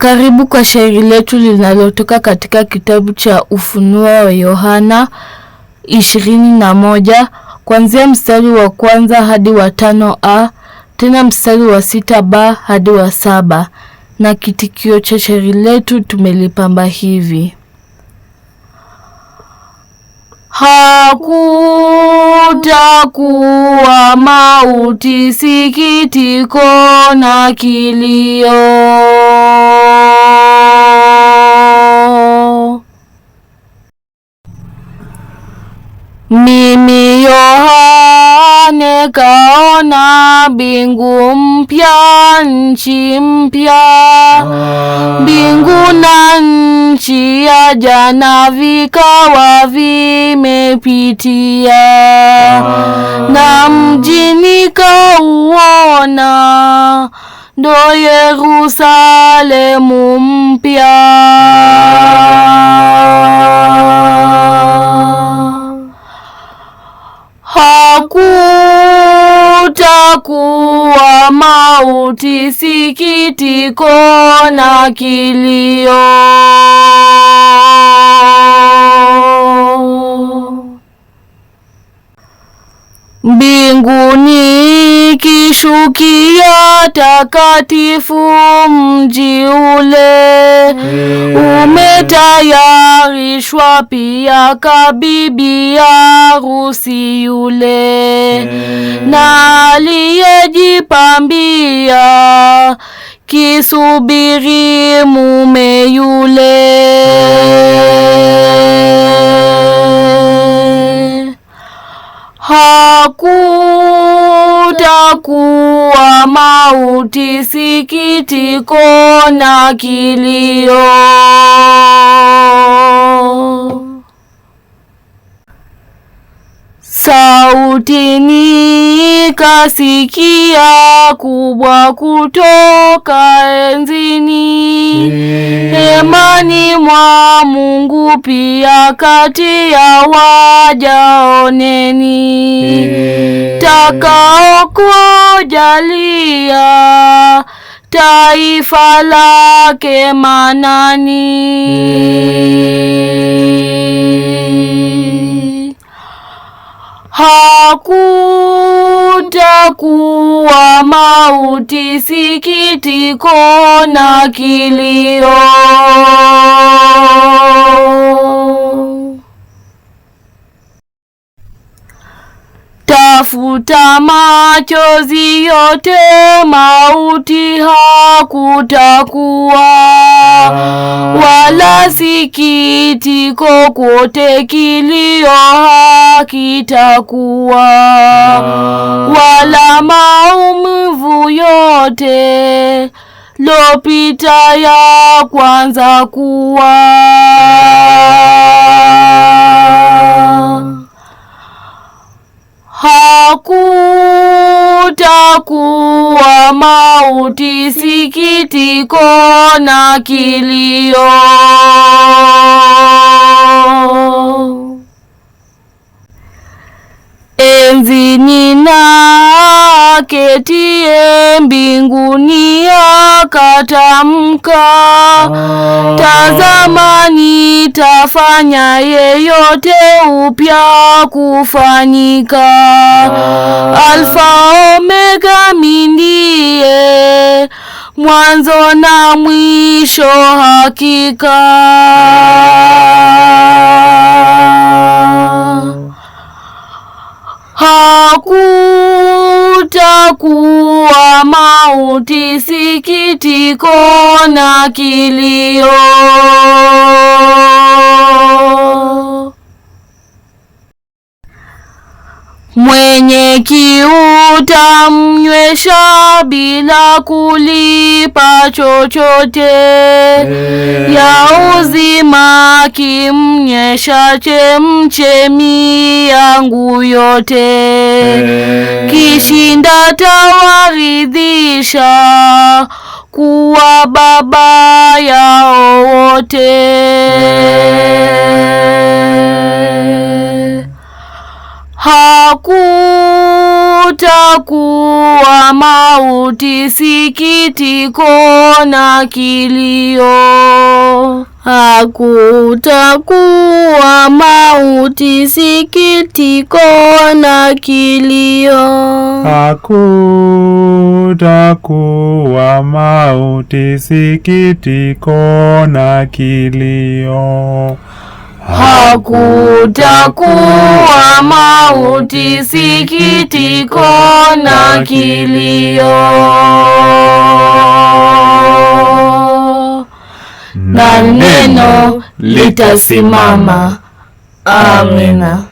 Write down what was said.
Karibu kwa shairi letu linalotoka katika kitabu cha Ufunuo wa Yohana ishirini na moja kuanzia mstari wa kwanza hadi wa tano a tena mstari wa sita b hadi wa saba na kitikio cha shairi letu tumelipamba hivi: hakutakuwa mauti, sikitiko na kilio Mimi Yohane kaona mbingu mpya, nchi mpya. Ah. Mbingu na nchi ya jana vikawa vimepitia, ah. na mji nikauona, ndo Yerusalemu mpya. masikitiko na kilio mbinguni ikishukia takatifu mji ule umetayarishwa pia kabibi rusi yule, na aliyejipambia kisubiri wa mauti, sikitiko na kilio Sauti nikasikia kubwa kutoka enzini, hemani mwa Mungu pia kati ya wajaoneni, takao taifa lake manani hakutakuwa mauti, sikitiko na kilio. Tafuta machozi yote, mauti hakutakuwa masikitiko kote kilio hakitakuwa, ah. wala maumivu yote lopita ya kwanza kuwa sauti sikitiko na kilio. Enzi nina aketie mbinguni akatamka, ah. tazama nitafanya yeyote upya kufanyika. Ah. Alfa Omega mindie mwanzo na mwisho hakika. kuwa mauti sikitiko na kilio. Mwenye kiu tamnywesha bila kulipa chochote, ee. Ya uzima kimnywesha chemchemi yangu yote. Kishinda tawaridhisha kuwa baba yao wote. Hakutakuwa mauti, sikitiko na kilio. Hakutakuwa mauti, sikitiko na kilio. Hakutakuwa mauti, sikitiko na kilio. Hakutakuwa mauti, sikitiko na kilio, na neno litasimama. Amina.